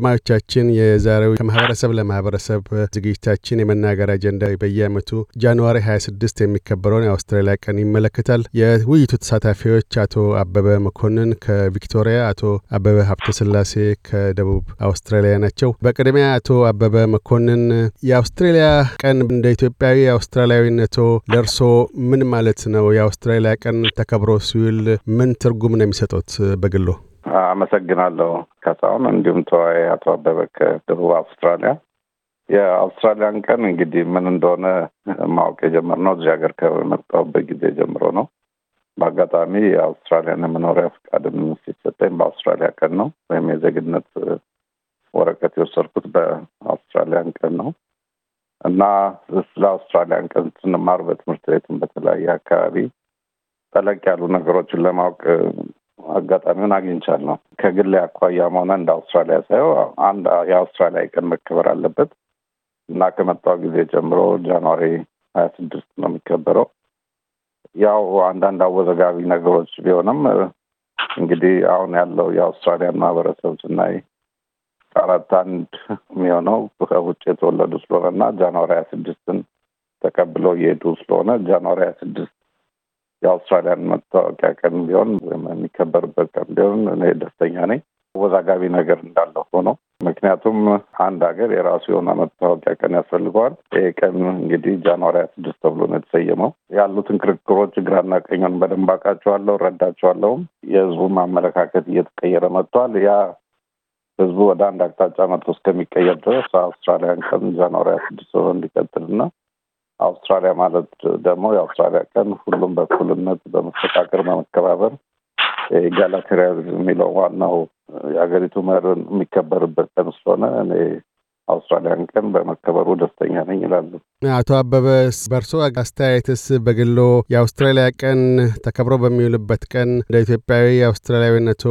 አድማጮቻችን የዛሬው ከማህበረሰብ ለማህበረሰብ ዝግጅታችን የመናገር አጀንዳ በየዓመቱ ጃንዋሪ 26 የሚከበረውን የአውስትራሊያ ቀን ይመለከታል። የውይይቱ ተሳታፊዎች አቶ አበበ መኮንን ከቪክቶሪያ፣ አቶ አበበ ሀብተስላሴ ከደቡብ አውስትራሊያ ናቸው። በቅድሚያ አቶ አበበ መኮንን የአውስትራሊያ ቀን እንደ ኢትዮጵያዊ አውስትራሊያዊነቶ ለእርሶ ምን ማለት ነው? የአውስትራሊያ ቀን ተከብሮ ሲውል ምን ትርጉም ነው የሚሰጡት በግሎ? አመሰግናለሁ ካሳሁን፣ እንዲሁም ተወያይ አቶ አበበ ከደቡብ አውስትራሊያ። የአውስትራሊያን ቀን እንግዲህ ምን እንደሆነ ማወቅ የጀመርነው እዚህ ሀገር ከመጣሁበት ጊዜ ጀምሮ ነው። በአጋጣሚ የአውስትራሊያን የመኖሪያ ፈቃድም ሲሰጠኝ በአውስትራሊያ ቀን ነው፣ ወይም የዜግነት ወረቀት የወሰድኩት በአውስትራሊያን ቀን ነው እና ስለ አውስትራሊያን ቀን ስንማር በትምህርት ቤትም በተለያየ አካባቢ ጠለቅ ያሉ ነገሮችን ለማወቅ አጋጣሚውን አግኝቻለሁ። ከግል አኳያም ሆነ እንደ አውስትራሊያ ሳየው አንድ የአውስትራሊያ ቀን መከበር አለበት እና ከመጣው ጊዜ ጀምሮ ጃንዋሪ ሀያ ስድስት ነው የሚከበረው። ያው አንዳንድ አወዘጋቢ ነገሮች ቢሆንም እንግዲህ አሁን ያለው የአውስትራሊያን ማህበረሰብ ስናይ አራት አንድ የሚሆነው ከውጭ የተወለዱ ስለሆነ እና ጃንዋሪ ሀያ ስድስትን ተቀብለው እየሄዱ ስለሆነ ጃንዋሪ ሀያ ስድስት የአውስትራሊያን መታወቂያ ቀን ቢሆን ወይም የሚከበርበት ቀን ቢሆን እኔ ደስተኛ ነኝ። አወዛጋቢ ነገር እንዳለ ሆኖ ምክንያቱም አንድ ሀገር የራሱ የሆነ መታወቂያ ቀን ያስፈልገዋል። ይህ ቀን እንግዲህ ጃንዋሪ ሀያ ስድስት ተብሎ ነው የተሰየመው። ያሉትን ክርክሮች ግራና ቀኙን በደንብ አውቃቸዋለሁ፣ ረዳቸዋለሁም። የህዝቡም አመለካከት እየተቀየረ መጥቷል። ያ ህዝቡ ወደ አንድ አቅጣጫ መጥቶ እስከሚቀየር ድረስ አውስትራሊያን ቀን ጃንዋሪ ሀያ ስድስት ሆኖ እንዲቀጥልና አውስትራሊያ ማለት ደግሞ የአውስትራሊያ ቀን ሁሉም በኩልነት በመፈቃቀር በመከባበር ጋላቴሪያ የሚለው ዋናው የሀገሪቱ መርን የሚከበርበት ቀን ስለሆነ እኔ አውስትራሊያን ቀን በመከበሩ ደስተኛ ነኝ ይላሉ። አቶ አበበ በርሶ አስተያየትስ በግሎ የአውስትራሊያ ቀን ተከብሮ በሚውልበት ቀን እንደ ኢትዮጵያዊ አውስትራሊያዊነቶ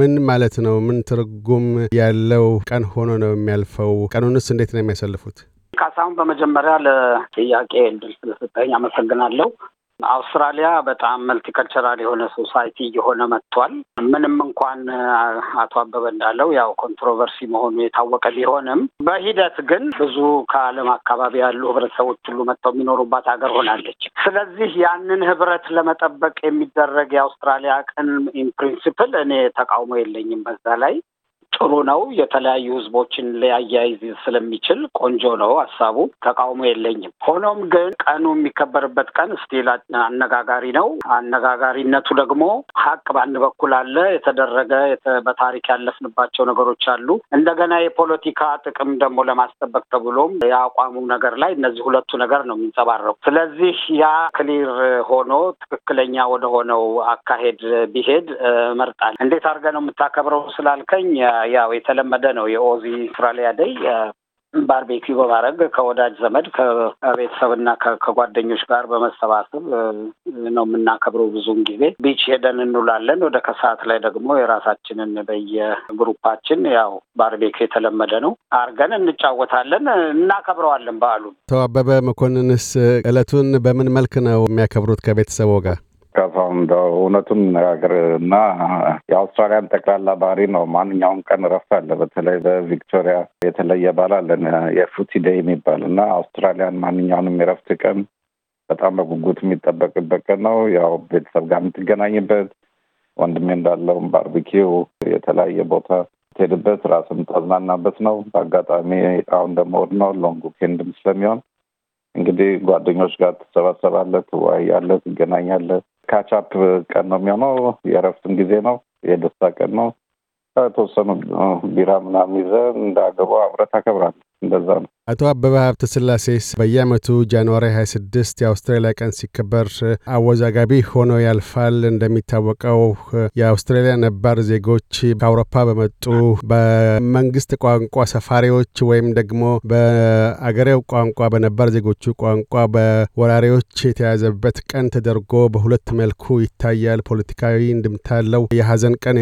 ምን ማለት ነው? ምን ትርጉም ያለው ቀን ሆኖ ነው የሚያልፈው? ቀኑንስ እንዴት ነው የሚያሳልፉት? ካሳሁን፣ በመጀመሪያ ለጥያቄ እድል ስለሰጠኝ አመሰግናለሁ። አውስትራሊያ በጣም መልቲካልቸራል የሆነ ሶሳይቲ እየሆነ መጥቷል። ምንም እንኳን አቶ አበበ እንዳለው ያው ኮንትሮቨርሲ መሆኑ የታወቀ ቢሆንም በሂደት ግን ብዙ ከዓለም አካባቢ ያሉ ህብረተሰቦች ሁሉ መጥተው የሚኖሩባት ሀገር ሆናለች። ስለዚህ ያንን ህብረት ለመጠበቅ የሚደረግ የአውስትራሊያ ቀን ኢን ፕሪንሲፕል እኔ ተቃውሞ የለኝም በዛ ላይ ጥሩ ነው። የተለያዩ ህዝቦችን ሊያያይዝ ስለሚችል ቆንጆ ነው ሀሳቡ፣ ተቃውሞ የለኝም። ሆኖም ግን ቀኑ የሚከበርበት ቀን ስቲል አነጋጋሪ ነው። አነጋጋሪነቱ ደግሞ ሀቅ በአንድ በኩል አለ። የተደረገ በታሪክ ያለፍንባቸው ነገሮች አሉ። እንደገና የፖለቲካ ጥቅም ደግሞ ለማስጠበቅ ተብሎም የአቋሙ ነገር ላይ እነዚህ ሁለቱ ነገር ነው የሚንጸባረቁ። ስለዚህ ያ ክሊር ሆኖ ትክክለኛ ወደሆነው አካሄድ ቢሄድ መርጣል። እንዴት አድርገህ ነው የምታከብረው ስላልከኝ ያው የተለመደ ነው የኦዚ አውስትራሊያ ደይ ባርቤኪው በማድረግ ከወዳጅ ዘመድ ከቤተሰብና ከጓደኞች ጋር በመሰባሰብ ነው የምናከብረው። ብዙውን ጊዜ ቢች ሄደን እንውላለን። ወደ ከሰዓት ላይ ደግሞ የራሳችንን በየግሩፓችን ያው ባርቤኪ የተለመደ ነው አርገን እንጫወታለን፣ እናከብረዋለን በዓሉን። ተዋበበ መኮንንስ እለቱን በምን መልክ ነው የሚያከብሩት ከቤተሰቦ ጋር? ከፋም እውነቱን መነጋገር እና የአውስትራሊያን ጠቅላላ ባህሪ ነው። ማንኛውም ቀን እረፍት አለ። በተለይ በቪክቶሪያ የተለየ ባል አለን የፉቲ ዴይ የሚባል እና አውስትራሊያን ማንኛውንም የረፍት ቀን በጣም በጉጉት የሚጠበቅበት ቀን ነው። ያው ቤተሰብ ጋር የምትገናኝበት ወንድሜ እንዳለውም ባርቢኪው የተለያየ ቦታ ትሄድበት ራስም ታዝናናበት ነው። በአጋጣሚ አሁን ደግሞ እሑድ ነው ሎንግ ዊኬንድም ስለሚሆን እንግዲህ ጓደኞች ጋር ትሰባሰባለህ፣ ትወያያለህ፣ ትገናኛለህ ካቻፕ ቀን ነው የሚሆነው። የእረፍትም ጊዜ ነው፣ የደስታ ቀን ነው። ተወሰኑ ቢራ ምናምን ይዘን እንደ አገሩ አብረህ ታከብራለህ። እንደዛ ነው። አቶ አበበ ሀብተ ስላሴስ በየዓመቱ ጃንዋሪ 26 የአውስትራሊያ ቀን ሲከበር አወዛጋቢ ሆኖ ያልፋል። እንደሚታወቀው የአውስትራሊያ ነባር ዜጎች ከአውሮፓ በመጡ በመንግስት ቋንቋ ሰፋሪዎች ወይም ደግሞ በአገሬው ቋንቋ በነባር ዜጎቹ ቋንቋ በወራሪዎች የተያዘበት ቀን ተደርጎ በሁለት መልኩ ይታያል። ፖለቲካዊ እንድምታለው የሀዘን ቀን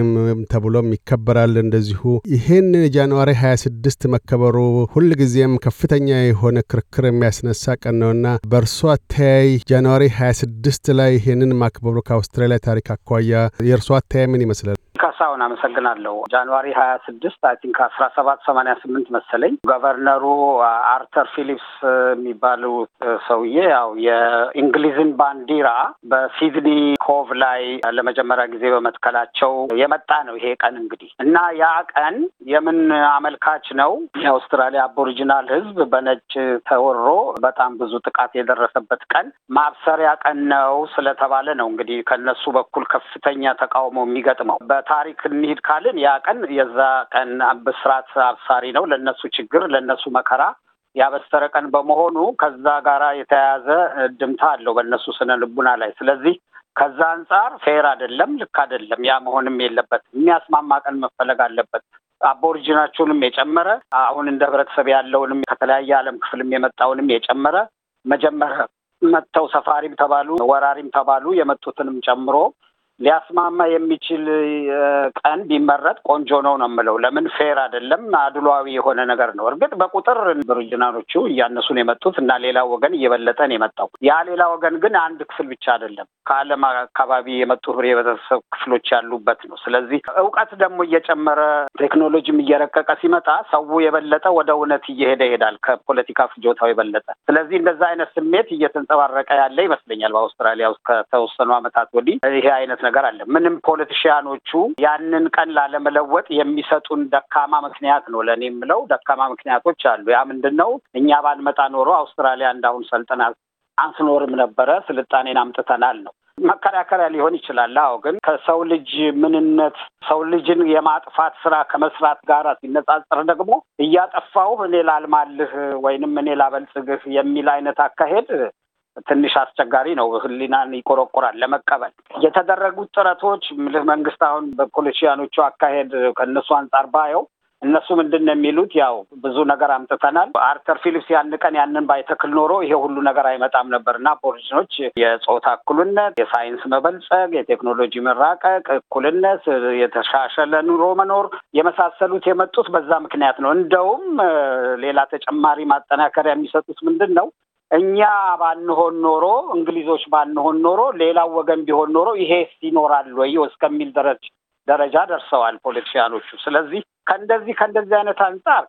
ተብሎም ይከበራል። እንደዚሁ ይህን ጃንዋሪ 26 መከበሩ ሁልጊዜም ከፍ ከፍተኛ የሆነ ክርክር የሚያስነሳ ቀን ነውና በእርሷ አተያይ ጃንዋሪ 26 ላይ ይህንን ማክበሩ ከአውስትራሊያ ታሪክ አኳያ የእርሷ አተያይ ምን ይመስላል? ካሳሁን አመሰግናለሁ። ጃንዋሪ ሀያ ስድስት አይ ቲንክ አስራ ሰባት ሰማንያ ስምንት መሰለኝ ገቨርነሩ አርተር ፊሊፕስ የሚባሉ ሰውዬ ያው የእንግሊዝን ባንዲራ በሲድኒ ኮቭ ላይ ለመጀመሪያ ጊዜ በመትከላቸው የመጣ ነው ይሄ ቀን እንግዲህ እና ያ ቀን የምን አመልካች ነው? የአውስትራሊያ አቦሪጂናል ህዝብ በነጭ ተወሮ በጣም ብዙ ጥቃት የደረሰበት ቀን ማብሰሪያ ቀን ነው ስለተባለ ነው እንግዲህ ከነሱ በኩል ከፍተኛ ተቃውሞ የሚገጥመው በታሪ ታሪክ እንሂድ ካልን ያ ቀን የዛ ቀን ብስራት አብሳሪ ነው። ለእነሱ ችግር፣ ለእነሱ መከራ ያበሰረ ቀን በመሆኑ ከዛ ጋር የተያያዘ ድምታ አለው በእነሱ ስነ ልቡና ላይ። ስለዚህ ከዛ አንጻር ፌር አይደለም፣ ልክ አይደለም። ያ መሆንም የለበት የሚያስማማ ቀን መፈለግ አለበት። አቦሪጂናችሁንም የጨመረ አሁን እንደ ህብረተሰብ ያለውንም ከተለያየ ዓለም ክፍልም የመጣውንም የጨመረ መጀመር መጥተው ሰፋሪም ተባሉ ወራሪም ተባሉ የመጡትንም ጨምሮ ሊያስማማ የሚችል ቀን ቢመረጥ ቆንጆ ነው ነው የምለው። ለምን ፌር አይደለም፣ አድሏዊ የሆነ ነገር ነው። እርግጥ በቁጥር ኦሪጂናሎቹ እያነሱን የመጡት እና ሌላ ወገን እየበለጠን የመጣው ያ ሌላ ወገን ግን አንድ ክፍል ብቻ አይደለም፣ ከዓለም አካባቢ የመጡ የህብረተሰብ ክፍሎች ያሉበት ነው። ስለዚህ እውቀት ደግሞ እየጨመረ ቴክኖሎጂም እየረቀቀ ሲመጣ ሰው የበለጠ ወደ እውነት እየሄደ ይሄዳል፣ ከፖለቲካ ፍጆታው የበለጠ። ስለዚህ እንደዛ አይነት ስሜት እየተንጸባረቀ ያለ ይመስለኛል በአውስትራሊያ ውስጥ ከተወሰኑ ዓመታት ወዲህ ይሄ አይነት ነገር አለ። ምንም ፖለቲሽያኖቹ ያንን ቀን ላለመለወጥ የሚሰጡን ደካማ ምክንያት ነው ለእኔ የምለው ደካማ ምክንያቶች አሉ። ያ ምንድን ነው? እኛ ባልመጣ ኖሮ አውስትራሊያ እንዳሁን ሰልጥና አንስኖርም ነበረ፣ ስልጣኔን አምጥተናል ነው መከራከሪያ ሊሆን ይችላል። አዎ ግን ከሰው ልጅ ምንነት ሰው ልጅን የማጥፋት ስራ ከመስራት ጋር ሲነጻጸር ደግሞ እያጠፋሁ እኔ ላልማልህ ወይንም እኔ ላበልጽግህ የሚል አይነት አካሄድ ትንሽ አስቸጋሪ ነው። ህሊናን ይቆረቆራል ለመቀበል የተደረጉት ጥረቶች ምልህ መንግስት አሁን በፖሊሲያኖቹ አካሄድ ከእነሱ አንጻር ባየው እነሱ ምንድን ነው የሚሉት? ያው ብዙ ነገር አምጥተናል። አርተር ፊሊፕስ ያን ቀን ያንን ባይተክል ኖሮ ይሄ ሁሉ ነገር አይመጣም ነበር እና ፖሊሲኖች የጾታ እኩልነት፣ የሳይንስ መበልጸግ፣ የቴክኖሎጂ መራቀቅ፣ እኩልነት፣ የተሻሸለ ኑሮ መኖር የመሳሰሉት የመጡት በዛ ምክንያት ነው። እንደውም ሌላ ተጨማሪ ማጠናከሪያ የሚሰጡት ምንድን ነው እኛ ባንሆን ኖሮ እንግሊዞች ባንሆን ኖሮ ሌላው ወገን ቢሆን ኖሮ ይሄ ይኖራል ወይ እስከሚል ደረጃ ደርሰዋል ፖለቲሽያኖቹ። ስለዚህ ከእንደዚህ ከእንደዚህ አይነት አንጻር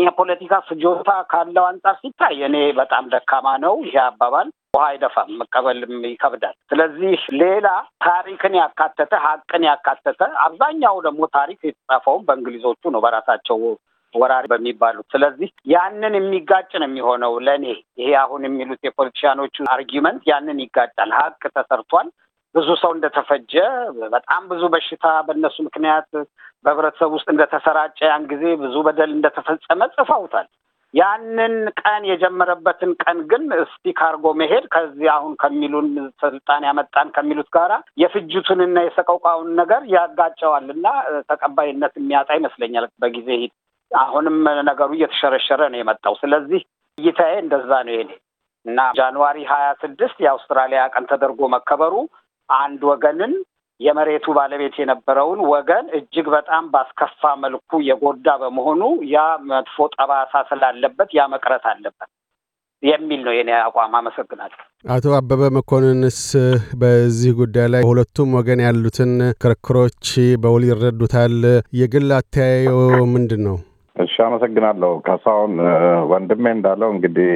የፖለቲካ ፍጆታ ካለው አንጻር ሲታይ እኔ በጣም ደካማ ነው ይሄ አባባል። ውሃ አይደፋም፣ መቀበልም ይከብዳል። ስለዚህ ሌላ ታሪክን ያካተተ ሀቅን ያካተተ አብዛኛው ደግሞ ታሪክ የተጻፈውም በእንግሊዞቹ ነው በራሳቸው ወራሪ በሚባሉ ስለዚህ ያንን የሚጋጭ ነው የሚሆነው። ለእኔ ይሄ አሁን የሚሉት የፖለቲሽያኖቹ አርጊመንት ያንን ይጋጫል። ሀቅ ተሰርቷል። ብዙ ሰው እንደተፈጀ በጣም ብዙ በሽታ በእነሱ ምክንያት በህብረተሰብ ውስጥ እንደተሰራጨ ያን ጊዜ ብዙ በደል እንደተፈጸመ ጽፈውታል። ያንን ቀን የጀመረበትን ቀን ግን እስቲ ካርጎ መሄድ ከዚህ አሁን ከሚሉን ስልጣን ያመጣን ከሚሉት ጋራ የፍጅቱንና የሰቀውቃውን ነገር ያጋጨዋል እና ተቀባይነት የሚያጣ ይመስለኛል በጊዜ ሂድ አሁንም ነገሩ እየተሸረሸረ ነው የመጣው። ስለዚህ እይታዬ እንደዛ ነው የኔ እና ጃንዋሪ ሀያ ስድስት የአውስትራሊያ ቀን ተደርጎ መከበሩ አንድ ወገንን የመሬቱ ባለቤት የነበረውን ወገን እጅግ በጣም ባስከፋ መልኩ የጎዳ በመሆኑ ያ መጥፎ ጠባሳ ስላለበት ያ መቅረት አለበት የሚል ነው የኔ አቋም። አመሰግናለሁ። አቶ አበበ መኮንንስ በዚህ ጉዳይ ላይ ሁለቱም ወገን ያሉትን ክርክሮች በውል ይረዱታል። የግል አተያየው ምንድን ነው? እሺ አመሰግናለሁ ካሳሁን ወንድሜ እንዳለው እንግዲህ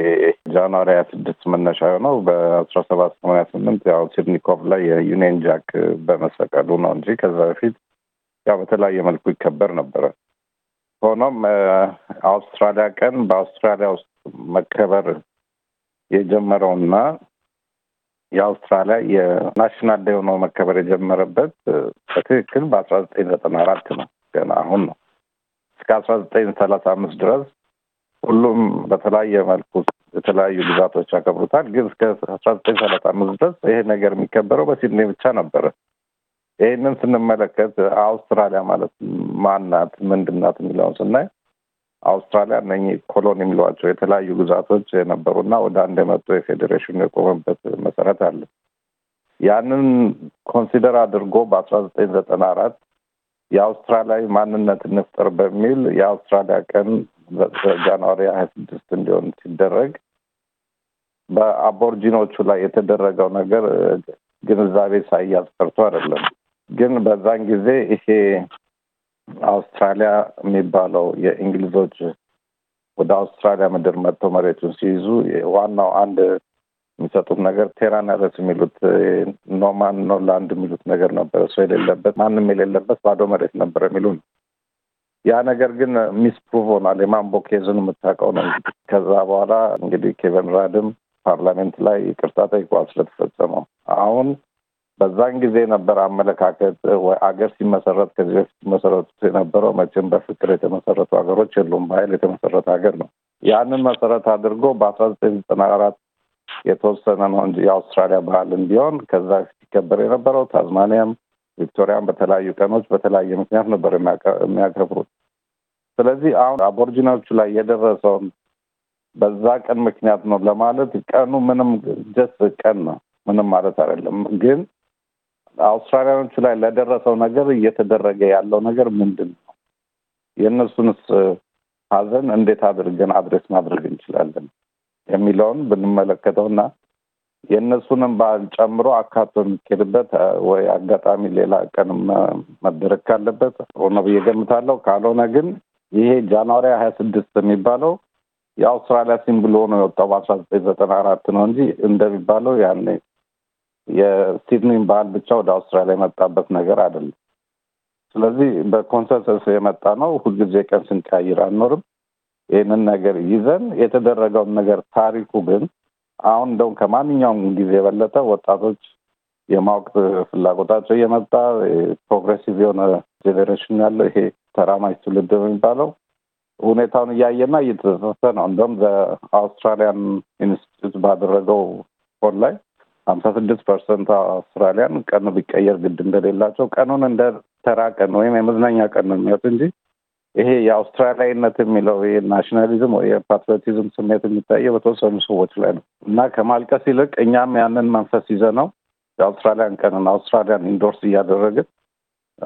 ጃንዋሪ ሀያ ስድስት መነሻ የሆነው በአስራ ሰባት ሰማንያ ስምንት ያው ሲድኒኮቭ ላይ የዩኒየን ጃክ በመሰቀሉ ነው እንጂ ከዛ በፊት ያው በተለያየ መልኩ ይከበር ነበረ። ሆኖም አውስትራሊያ ቀን በአውስትራሊያ ውስጥ መከበር የጀመረውና የአውስትራሊያ የናሽናል ዴይ ሆኖ መከበር የጀመረበት በትክክል በአስራ ዘጠኝ ዘጠና አራት ነው። ገና አሁን ነው እስከ አስራ ዘጠኝ ሰላሳ አምስት ድረስ ሁሉም በተለያየ መልኩ የተለያዩ ግዛቶች ያከብሩታል። ግን እስከ አስራ ዘጠኝ ሰላሳ አምስት ድረስ ይሄ ነገር የሚከበረው በሲድኒ ብቻ ነበረ። ይህንን ስንመለከት አውስትራሊያ ማለት ማናት ምንድናት የሚለውን ስናይ አውስትራሊያ እነ ኮሎን የሚሏቸው የተለያዩ ግዛቶች የነበሩና ወደ አንድ የመጡ የፌዴሬሽኑ የቆመበት መሰረት አለ። ያንን ኮንሲደር አድርጎ በአስራ ዘጠኝ ዘጠና አራት የአውስትራሊያዊ ማንነት እንፍጠር በሚል የአውስትራሊያ ቀን በጃንዋሪ ሀያ ስድስት እንዲሆን ሲደረግ በአቦርጂኖቹ ላይ የተደረገው ነገር ግንዛቤ ሳያዝ ቀርቶ አይደለም። ግን በዛን ጊዜ ይሄ አውስትራሊያ የሚባለው የእንግሊዞች ወደ አውስትራሊያ ምድር መጥተው መሬቱን ሲይዙ ዋናው አንድ የሚሰጡት ነገር ቴራን ያረስ የሚሉት ኖማን ኖ ላንድ የሚሉት ነገር ነበረ። ሰው የሌለበት ማንም የሌለበት ባዶ መሬት ነበረ የሚሉ ነው። ያ ነገር ግን ሚስፕሩቭ ሆኗል። የማንቦ ኬዝን የምታውቀው ነው። ከዛ በኋላ እንግዲህ ኬቨን ራድም ፓርላሜንት ላይ ይቅርታ ጠይቋል ስለተፈጸመው። አሁን በዛን ጊዜ የነበረ አመለካከት አገር ሲመሰረት ከዚህ በፊት ሲመሰረቱት የነበረው መቼም በፍቅር የተመሰረቱ ሀገሮች የሉም፣ በኃይል የተመሰረተ ሀገር ነው። ያንን መሰረት አድርጎ በአስራ ዘጠኝ ዘጠና አራት የተወሰነ ነው እንጂ የአውስትራሊያ ባህልም ቢሆን ከዛ ሲከበር የነበረው ታዝማኒያም፣ ቪክቶሪያም በተለያዩ ቀኖች በተለያየ ምክንያት ነበር የሚያከብሩት። ስለዚህ አሁን አቦርጂናዎቹ ላይ የደረሰውን በዛ ቀን ምክንያት ነው ለማለት ቀኑ ምንም ጀስ ቀን ነው፣ ምንም ማለት አይደለም። ግን አውስትራሊያኖቹ ላይ ለደረሰው ነገር እየተደረገ ያለው ነገር ምንድን ነው? የእነሱንስ ሀዘን እንዴት አድርገን አድሬስ ማድረግ እንችላለን? የሚለውን ብንመለከተውና የእነሱንም በዓል ጨምሮ አካቶ የሚኬድበት ወይ አጋጣሚ ሌላ ቀን መደረግ ካለበት ሆነ ብዬ ገምታለሁ። ካልሆነ ግን ይሄ ጃንዋሪ ሀያ ስድስት የሚባለው የአውስትራሊያ ሲምቦል ሆኖ የወጣው በአስራ ዘጠኝ ዘጠና አራት ነው እንጂ እንደሚባለው ያኔ የሲድኒን በዓል ብቻ ወደ አውስትራሊያ የመጣበት ነገር አይደለም። ስለዚህ በኮንሰንሰስ የመጣ ነው። ሁልጊዜ ቀን ስንቀያይር አንኖርም። ይህንን ነገር ይዘን የተደረገውን ነገር ታሪኩ ግን አሁን እንደውም ከማንኛውም ጊዜ የበለጠ ወጣቶች የማወቅ ፍላጎታቸው እየመጣ ፕሮግሬሲቭ የሆነ ጄኔሬሽን ያለው ይሄ ተራማጅ ትውልድ የሚባለው ሁኔታውን እያየና እየተሳሰ ነው። እንደውም በአውስትራሊያን ኢንስቲትዩት ባደረገው ፎን ላይ ሀምሳ ስድስት ፐርሰንት አውስትራሊያን ቀኑ ቢቀየር ግድ እንደሌላቸው ቀኑን እንደ ተራ ቀን ወይም የመዝናኛ ቀን ነው የሚያዩት እንጂ ይሄ የአውስትራሊያዊነት የሚለው ናሽናሊዝም ወይ የፓትሪዮቲዝም ስሜት የሚታየው በተወሰኑ ሰዎች ላይ ነው እና ከማልቀስ ይልቅ እኛም ያንን መንፈስ ይዘ ነው የአውስትራሊያን ቀንን አውስትራሊያን ኢንዶርስ እያደረግን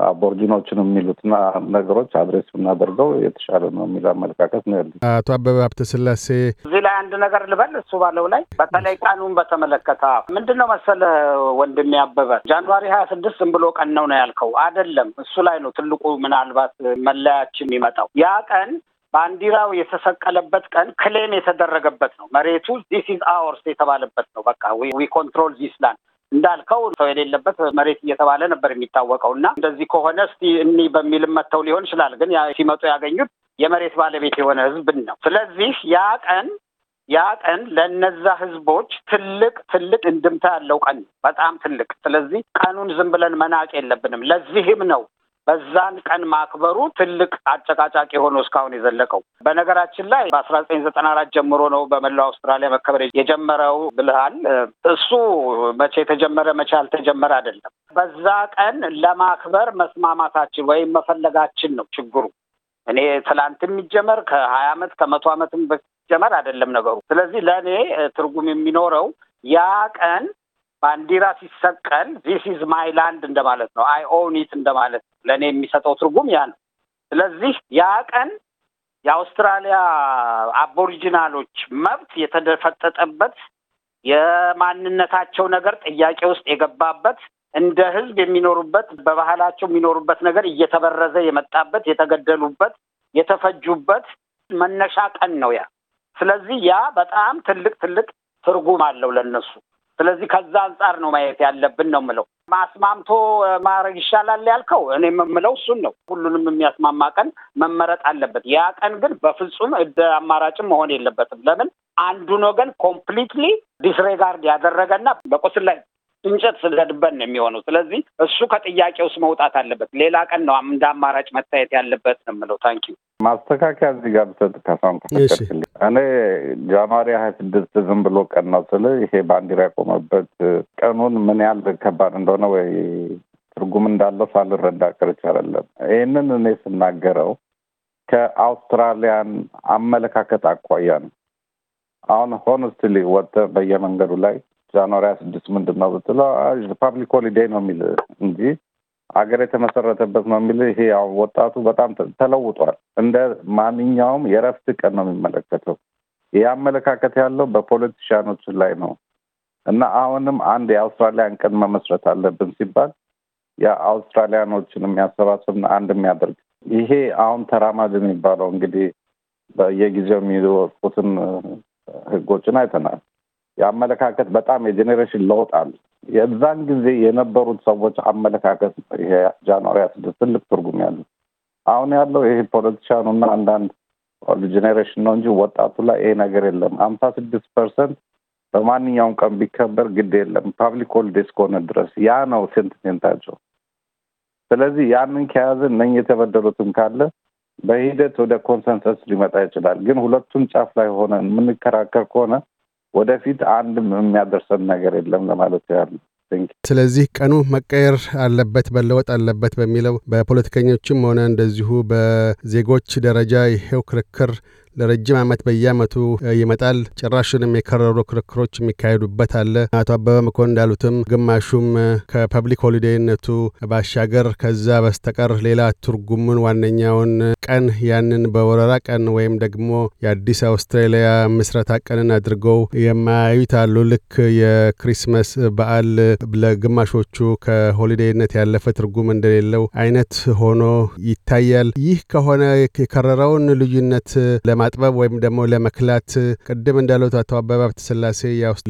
አቦርጂኖችን የሚሉትና ነገሮች አድሬስ ብናደርገው የተሻለ ነው የሚል አመለካከት ነው ያለ። አቶ አበበ ሀብተ ስላሴ እዚህ ላይ አንድ ነገር ልበል። እሱ ባለው ላይ በተለይ ቀኑን በተመለከተ ምንድን ነው መሰለ ወንድሜ አበበ ጃንዋሪ ሀያ ስድስት ዝም ብሎ ቀን ነው ነው ያልከው አይደለም። እሱ ላይ ነው ትልቁ ምናልባት መለያችን የሚመጣው ያ ቀን ባንዲራው የተሰቀለበት ቀን ክሌም የተደረገበት ነው። መሬቱ ዚስ ኢዝ አወርስ የተባለበት ነው። በቃ ዊ ኮንትሮል ዚስ ላንድ እንዳልከው ሰው የሌለበት መሬት እየተባለ ነበር የሚታወቀው እና እንደዚህ ከሆነ እስቲ እኒ በሚልም መተው ሊሆን ይችላል። ግን ሲመጡ ያገኙት የመሬት ባለቤት የሆነ ህዝብን ነው። ስለዚህ ያ ቀን ያ ቀን ለነዛ ህዝቦች ትልቅ ትልቅ እንድምታ ያለው ቀን በጣም ትልቅ። ስለዚህ ቀኑን ዝም ብለን መናቅ የለብንም። ለዚህም ነው በዛን ቀን ማክበሩ ትልቅ አጨቃጫቂ ሆኖ እስካሁን የዘለቀው። በነገራችን ላይ በአስራ ዘጠኝ ዘጠና አራት ጀምሮ ነው በመላው አውስትራሊያ መከበር የጀመረው ብልሃል። እሱ መቼ የተጀመረ መቼ አልተጀመረ አይደለም። በዛ ቀን ለማክበር መስማማታችን ወይም መፈለጋችን ነው ችግሩ። እኔ ትላንት የሚጀመር ከሀያ አመት ከመቶ አመትም በጀመር ጀመር አይደለም ነገሩ። ስለዚህ ለእኔ ትርጉም የሚኖረው ያ ቀን ባንዲራ ሲሰቀል ዚስ ኢዝ ማይ ላንድ እንደማለት ነው። አይ ኦውን ኢት እንደማለት ነው። ለእኔ የሚሰጠው ትርጉም ያ ነው። ስለዚህ ያ ቀን የአውስትራሊያ አቦሪጂናሎች መብት የተደፈጠጠበት የማንነታቸው ነገር ጥያቄ ውስጥ የገባበት እንደ ሕዝብ የሚኖሩበት በባህላቸው የሚኖሩበት ነገር እየተበረዘ የመጣበት የተገደሉበት፣ የተፈጁበት መነሻ ቀን ነው ያ። ስለዚህ ያ በጣም ትልቅ ትልቅ ትርጉም አለው ለነሱ። ስለዚህ ከዛ አንጻር ነው ማየት ያለብን ነው ምለው ማስማምቶ ማድረግ ይሻላል ያልከው እኔ የምምለው እሱን ነው። ሁሉንም የሚያስማማ ቀን መመረጥ አለበት። ያ ቀን ግን በፍጹም እንደ አማራጭም መሆን የለበትም። ለምን አንዱን ወገን ኮምፕሊትሊ ዲስሬጋርድ ያደረገና በቁስል ላይ እንጨት ስለድበን ነው የሚሆነው። ስለዚህ እሱ ከጥያቄ ውስጥ መውጣት አለበት። ሌላ ቀን ነው እንደ አማራጭ መታየት ያለበት ነው የምለው። ታንኪ ማስተካከያ እዚህ ጋር ብሰጥ ከሳም ተፈቀድክልኝ። እኔ ጃንዋሪ ሀያ ስድስት ዝም ብሎ ቀን ነው ስል ይሄ ባንዲራ የቆመበት ቀኑን ምን ያህል ከባድ እንደሆነ ወይ ትርጉም እንዳለው ሳልረዳ ቅርች አይደለም። ይህንን እኔ ስናገረው ከአውስትራሊያን አመለካከት አኳያ ነው። አሁን ሆነስትሊ ወጥተህ በየመንገዱ ላይ ጃንዋሪ ሀያ ስድስት ምንድን ነው ብትለው ፓብሊክ ሆሊዴይ ነው የሚል እንጂ አገር የተመሰረተበት ነው የሚል ይሄ ያው ወጣቱ በጣም ተለውጧል። እንደ ማንኛውም የረፍት ቀን ነው የሚመለከተው። ይህ አመለካከት ያለው በፖለቲሽያኖች ላይ ነው እና አሁንም አንድ የአውስትራሊያን ቀን መመስረት አለብን ሲባል የአውስትራሊያኖችን የሚያሰባስብ አንድ የሚያደርግ ይሄ አሁን ተራማጅ የሚባለው እንግዲህ በየጊዜው የሚወጡትን ህጎችን አይተናል። የአመለካከት በጣም የጄኔሬሽን ለውጥ አለ። የዛን ጊዜ የነበሩት ሰዎች አመለካከት ይሄ ጃንዋሪ ስድስት ትልቅ ትርጉም ያለ አሁን ያለው ይሄ ፖለቲሻኑ እና አንዳንድ ኦልድ ጄኔሬሽን ነው እንጂ ወጣቱ ላይ ይሄ ነገር የለም። ሀምሳ ስድስት ፐርሰንት በማንኛውም ቀን ቢከበር ግድ የለም ፓብሊክ ሆሊዴ እስከሆነ ድረስ ያ ነው ሴንቲሜንታቸው። ስለዚህ ያንን ከያዘ እነኝ የተበደሉትም ካለ በሂደት ወደ ኮንሰንሰስ ሊመጣ ይችላል። ግን ሁለቱም ጫፍ ላይ ሆነን የምንከራከር ከሆነ ወደፊት አንድም የሚያደርሰን ነገር የለም ለማለት ያሉ ስለዚህ ቀኑ መቀየር አለበት መለወጥ አለበት በሚለው በፖለቲከኞችም ሆነ እንደዚሁ በዜጎች ደረጃ ይሄው ክርክር ለረጅም ዓመት በየዓመቱ ይመጣል። ጭራሹንም የከረሩ ክርክሮች የሚካሄዱበት አለ። አቶ አበበ መኮን እንዳሉትም ግማሹም ከፐብሊክ ሆሊዴይነቱ ባሻገር ከዛ በስተቀር ሌላ ትርጉሙን ዋነኛውን ቀን ያንን በወረራ ቀን ወይም ደግሞ የአዲስ አውስትራሊያ ምስረታ ቀንን አድርገው የማያዩት አሉ። ልክ የክሪስመስ በዓል ለግማሾቹ ከሆሊዴይነት ያለፈ ትርጉም እንደሌለው አይነት ሆኖ ይታያል። ይህ ከሆነ የከረረውን ልዩነት ለማ ለማጥበብ ወይም ደግሞ ለመክላት ቅድም እንዳሉት አቶ አበበ ሀብተስላሴ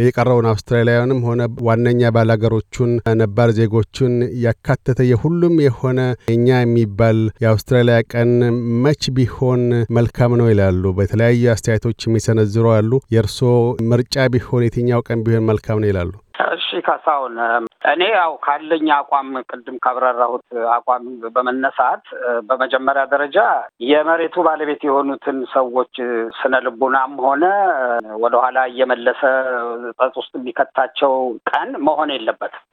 የቀረውን አውስትራሊያውያንም ሆነ ዋነኛ ባላገሮቹን ነባር ዜጎቹን ያካተተ የሁሉም የሆነ እኛ የሚባል የአውስትራሊያ ቀን መች ቢሆን መልካም ነው ይላሉ። በተለያዩ አስተያየቶች የሚሰነዝሩ አሉ። የእርስዎ ምርጫ ቢሆን የትኛው ቀን ቢሆን መልካም ነው ይላሉ? እሺ ካሳሁን፣ እኔ ያው ካለኝ አቋም ቅድም ካብራራሁት አቋም በመነሳት በመጀመሪያ ደረጃ የመሬቱ ባለቤት የሆኑትን ሰዎች ስነ ልቡናም ሆነ ወደኋላ እየመለሰ ጸጸት ውስጥ የሚከታቸው ቀን መሆን የለበትም።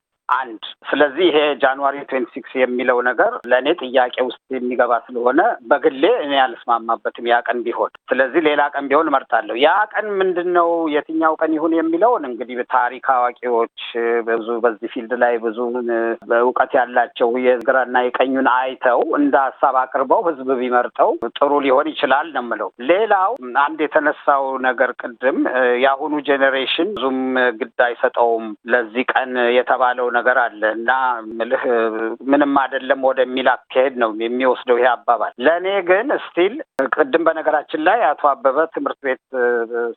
አንድ ስለዚህ ይሄ ጃንዋሪ ትዌንቲ ሲክስ የሚለው ነገር ለእኔ ጥያቄ ውስጥ የሚገባ ስለሆነ በግሌ እኔ አልስማማበትም። ያ ቀን ቢሆን ስለዚህ ሌላ ቀን ቢሆን መርታለሁ ያ ቀን ምንድን ነው የትኛው ቀን ይሁን የሚለውን እንግዲህ ታሪክ አዋቂዎች ብዙ በዚህ ፊልድ ላይ ብዙ እውቀት ያላቸው የግራና የቀኙን አይተው እንደ ሀሳብ አቅርበው ህዝብ ቢመርጠው ጥሩ ሊሆን ይችላል ነው ምለው ሌላው አንድ የተነሳው ነገር ቅድም የአሁኑ ጄኔሬሽን ብዙም ግድ አይሰጠውም ለዚህ ቀን የተባለው ነገር አለ እና ምልህ ምንም አይደለም ወደሚል አካሄድ ነው የሚወስደው ይሄ አባባል። ለእኔ ግን ስቲል ቅድም በነገራችን ላይ አቶ አበበ ትምህርት ቤት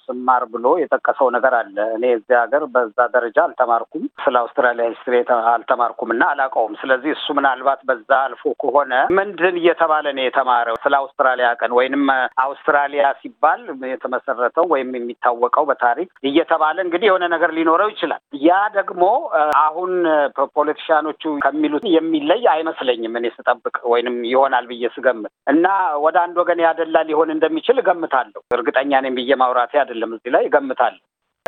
ስማር ብሎ የጠቀሰው ነገር አለ። እኔ እዚህ ሀገር በዛ ደረጃ አልተማርኩም፣ ስለ አውስትራሊያ ሂስትሪ አልተማርኩም እና አላውቀውም። ስለዚህ እሱ ምናልባት በዛ አልፎ ከሆነ ምንድን እየተባለ ነው የተማረው ስለ አውስትራሊያ ቀን ወይንም አውስትራሊያ ሲባል የተመሰረተው ወይም የሚታወቀው በታሪክ እየተባለ እንግዲህ የሆነ ነገር ሊኖረው ይችላል። ያ ደግሞ አሁን ፖለቲሻኖቹ ከሚሉት የሚለይ አይመስለኝም። እኔ ስጠብቅ ወይንም ይሆናል ብዬ ስገምት እና ወደ አንድ ወገን ያደላ ሊሆን እንደሚችል እገምታለሁ። እርግጠኛ ነኝ ብዬ ማውራቴ አይደለም። እዚህ ላይ እገምታለሁ።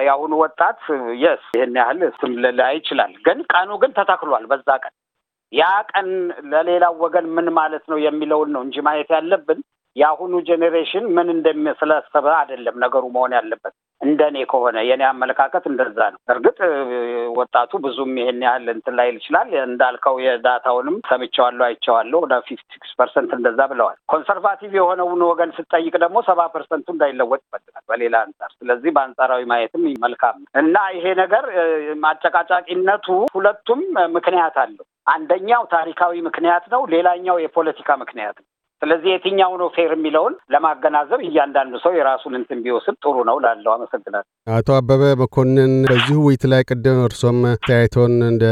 የአሁኑ ወጣት የስ ይህን ያህል ስም ላይ ይችላል፣ ግን ቀኑ ግን ተተክሏል። በዛ ቀን ያ ቀን ለሌላው ወገን ምን ማለት ነው የሚለውን ነው እንጂ ማየት ያለብን የአሁኑ ጄኔሬሽን ምን እንደሚስላሰበ አይደለም ነገሩ መሆን ያለበት። እንደኔ ከሆነ የኔ አመለካከት እንደዛ ነው። እርግጥ ወጣቱ ብዙም ይሄን ያህል እንትን ላይል ይችላል። እንዳልከው የዳታውንም ሰምቼዋለሁ፣ አይቼዋለሁ። ወደ ፊፍቲ ሲክስ ፐርሰንት እንደዛ ብለዋል። ኮንሰርቫቲቭ የሆነውን ወገን ስጠይቅ ደግሞ ሰባ ፐርሰንቱ እንዳይለወጥ ይፈልጋል በሌላ አንጻር። ስለዚህ በአንጻራዊ ማየትም መልካም ነው እና ይሄ ነገር አጨቃጫቂነቱ ሁለቱም ምክንያት አለው። አንደኛው ታሪካዊ ምክንያት ነው፣ ሌላኛው የፖለቲካ ምክንያት ነው። ስለዚህ የትኛው ነው ፌር የሚለውን ለማገናዘብ እያንዳንዱ ሰው የራሱን እንትን ቢወስድ ጥሩ ነው ላለው አመሰግናለሁ። አቶ አበበ መኮንን፣ በዚሁ ውይይት ላይ ቅድም እርሶም ተያይቶን እንደ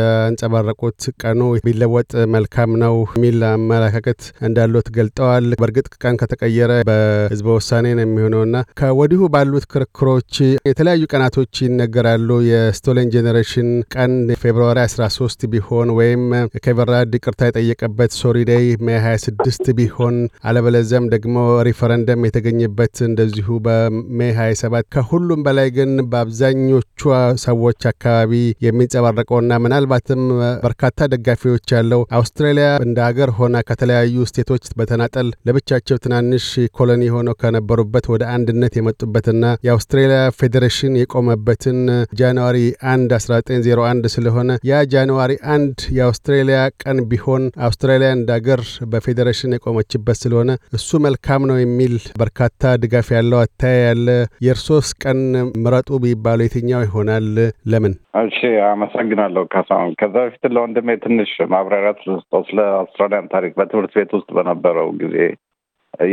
ቀኑ ቢለወጥ መልካም ነው የሚል አመለካከት እንዳሉት ገልጠዋል። በእርግጥ ቀን ከተቀየረ በህዝበ ውሳኔ ነው የሚሆነውና ከወዲሁ ባሉት ክርክሮች የተለያዩ ቀናቶች ይነገራሉ። የስቶለን ጄኔሬሽን ቀን ፌብርዋሪ 13 ቢሆን ወይም ኬቨን ይቅርታ የጠየቀበት ሶሪ ዴይ 26 ቢሆን አለበለዚያም ደግሞ ሪፈረንደም የተገኘበት እንደዚሁ በሜ 27 ከሁሉም በላይ ግን በአብዛኞቹ ሰዎች አካባቢ የሚንጸባረቀውና ምናልባትም በርካታ ደጋፊዎች ያለው አውስትራሊያ እንደ ሀገር ሆና ከተለያዩ ስቴቶች በተናጠል ለብቻቸው ትናንሽ ኮሎኒ ሆነው ከነበሩበት ወደ አንድነት የመጡበትና የአውስትራሊያ ፌዴሬሽን የቆመበትን ጃንዋሪ 1 1901 ስለሆነ ያ ጃንዋሪ 1 የአውስትራሊያ ቀን ቢሆን አውስትራሊያ እንደ ሀገር በፌዴሬሽን የቆመችበት የሚሄድበት ስለሆነ እሱ መልካም ነው የሚል በርካታ ድጋፍ ያለው አታያ ያለ። የእርሶስ ቀን ምረጡ ቢባሉ የትኛው ይሆናል? ለምን? እሺ፣ አመሰግናለሁ ካሳሁን። ከዛ በፊት ለወንድሜ ትንሽ ማብራሪያ ስጠው ስለ አውስትራሊያን ታሪክ በትምህርት ቤት ውስጥ በነበረው ጊዜ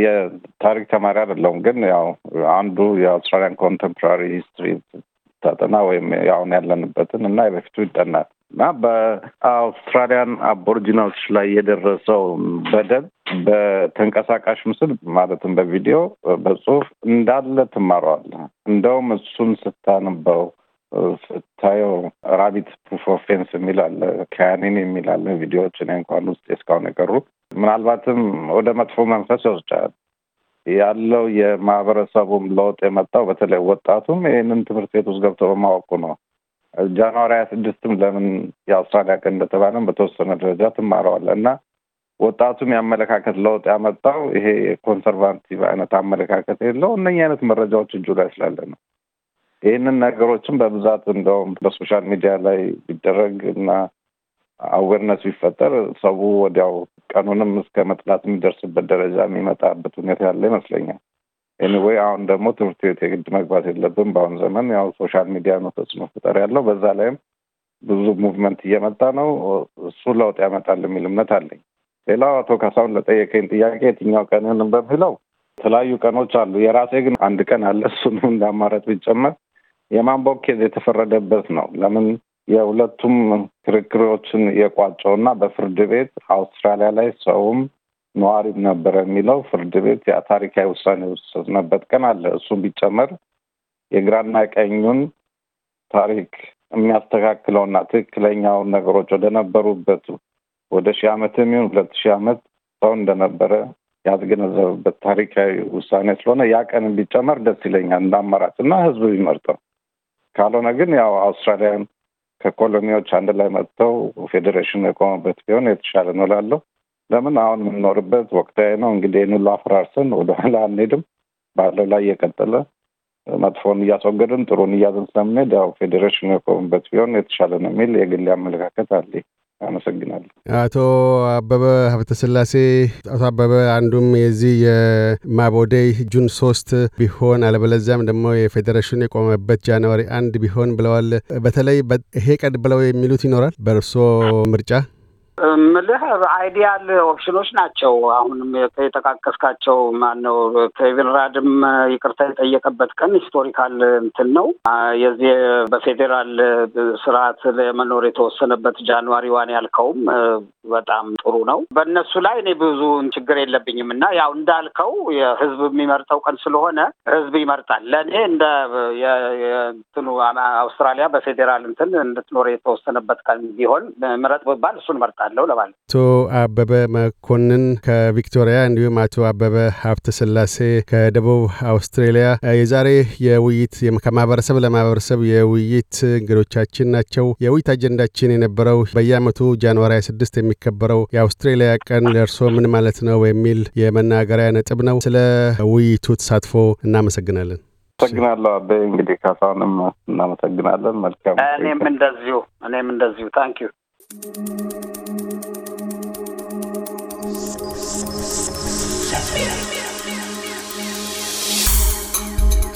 የታሪክ ተማሪ አይደለሁም፣ ግን ያው አንዱ የአውስትራሊያን ኮንቴምፖራሪ ሂስትሪ ታጠና ወይም አሁን ያለንበትን እና የበፊቱ ይጠናል እና በአውስትራሊያን አቦርጂናልስ ላይ የደረሰው በደል በተንቀሳቃሽ ምስል ማለትም በቪዲዮ በጽሁፍ እንዳለ ትማረዋለህ። እንደውም እሱን ስታነበው ስታየው ራቢት ፕሩፍ ኦፌንስ የሚል አለ፣ ቪዲዮዎች እኔ እንኳን ውስጥ እስካሁን የቀሩ ምናልባትም ወደ መጥፎ መንፈስ ይወስዳል። ያለው የማህበረሰቡም ለውጥ የመጣው በተለይ ወጣቱም ይህንን ትምህርት ቤት ውስጥ ገብቶ በማወቁ ነው። ጃንዋሪ ሀያ ስድስትም ለምን የአውስትራሊያ ቀን እንደተባለም በተወሰነ ደረጃ ትማረዋለህ እና ወጣቱም የአመለካከት ለውጥ ያመጣው ይሄ የኮንሰርቫቲቭ አይነት አመለካከት የለው እነ አይነት መረጃዎች እጁ ላይ ስላለ ነው። ይህንን ነገሮችን በብዛት እንደውም በሶሻል ሚዲያ ላይ ቢደረግ እና አዌርነስ ቢፈጠር ሰው ወዲያው ቀኑንም እስከ መጥላት የሚደርስበት ደረጃ የሚመጣበት ሁኔታ ያለ ይመስለኛል። ኤኒወይ አሁን ደግሞ ትምህርት ቤት የግድ መግባት የለብን። በአሁን ዘመን ያው ሶሻል ሚዲያ ነው ተጽዕኖ ፍጠር ያለው። በዛ ላይም ብዙ ሙቭመንት እየመጣ ነው። እሱ ለውጥ ያመጣል የሚል እምነት አለኝ። ሌላው አቶ ካሳሁን ለጠየቀኝ ጥያቄ የትኛው ቀንን በምለው የተለያዩ ቀኖች አሉ። የራሴ ግን አንድ ቀን አለ። እሱን እንደ ቢጨመር የማንቦክ የተፈረደበት ነው። ለምን የሁለቱም ክርክሮችን የቋጨው እና በፍርድ ቤት አውስትራሊያ ላይ ሰውም ነዋሪም ነበረ የሚለው ፍርድ ቤት ታሪካዊ ውሳኔ የወሰነበት ቀን አለ። እሱም ቢጨመር የግራና ቀኙን ታሪክ የሚያስተካክለውና ትክክለኛውን ነገሮች ወደነበሩበት ወደ ሺህ ዓመት የሚሆን ሁለት ሺህ ዓመት ሰው እንደነበረ ያስገነዘበበት ታሪካዊ ውሳኔ ስለሆነ ያ ቀን ቢጨመር ደስ ይለኛል እንደ አማራጭ እና ህዝብ ቢመርጠው። ካልሆነ ግን ያው አውስትራሊያን ከኮሎኒዎች አንድ ላይ መጥተው ፌዴሬሽን የቆመበት ቢሆን የተሻለ ነው እላለሁ። ለምን አሁን የምንኖርበት ወቅታዊ ነው። እንግዲህ ይህን ሁሉ አፈራርሰን ወደኋላ አንሄድም። ባለው ላይ እየቀጠለ መጥፎን እያስወገድን ጥሩን እያዘን ስለምንሄድ ያው ፌዴሬሽን የቆመበት ቢሆን የተሻለ ነው የሚል የግል አመለካከት አለኝ። አመሰግናለሁ። አቶ አበበ ሀብተስላሴ አቶ አበበ አንዱም የዚህ የማቦዴይ ጁን ሶስት ቢሆን አለበለዚያም ደግሞ የፌዴሬሽኑ የቆመበት ጃንዋሪ አንድ ቢሆን ብለዋል። በተለይ ይሄ ቀን ብለው የሚሉት ይኖራል በእርሶ ምርጫ ምልህ አይዲያል ኦፕሽኖች ናቸው። አሁንም የጠቃቀስካቸው ማነው ኬቪን ራድም ይቅርታ የጠየቀበት ቀን ሂስቶሪካል እንትን ነው። የዚህ በፌዴራል ስርዓት ለመኖር የተወሰነበት ጃንዋሪ ዋን ያልከውም በጣም ጥሩ ነው። በእነሱ ላይ እኔ ብዙ ችግር የለብኝም እና ያው እንዳልከው የህዝብ የሚመርጠው ቀን ስለሆነ ህዝብ ይመርጣል። ለእኔ እንደ እንትኑ አውስትራሊያ በፌዴራል እንትን እንድትኖር የተወሰነበት ቀን ቢሆን ምረጥ ብባል እሱን መርጣል አለው ለማለት አቶ አበበ መኮንን ከቪክቶሪያ እንዲሁም አቶ አበበ ሀብተ ስላሴ ከደቡብ አውስትሬሊያ የዛሬ የውይይት ከማህበረሰብ ለማህበረሰብ የውይይት እንግዶቻችን ናቸው። የውይይት አጀንዳችን የነበረው በየአመቱ ጃንዋሪ 26 የሚከበረው የአውስትሬሊያ ቀን ለእርሶ ምን ማለት ነው የሚል የመናገሪያ ነጥብ ነው። ስለ ውይይቱ ተሳትፎ እናመሰግናለን። አመሰግናለሁ አበ እንግዲህ ካሳሁንም እናመሰግናለን። መልካም። እኔም እንደዚሁ እኔም እንደዚሁ ታንኪዩ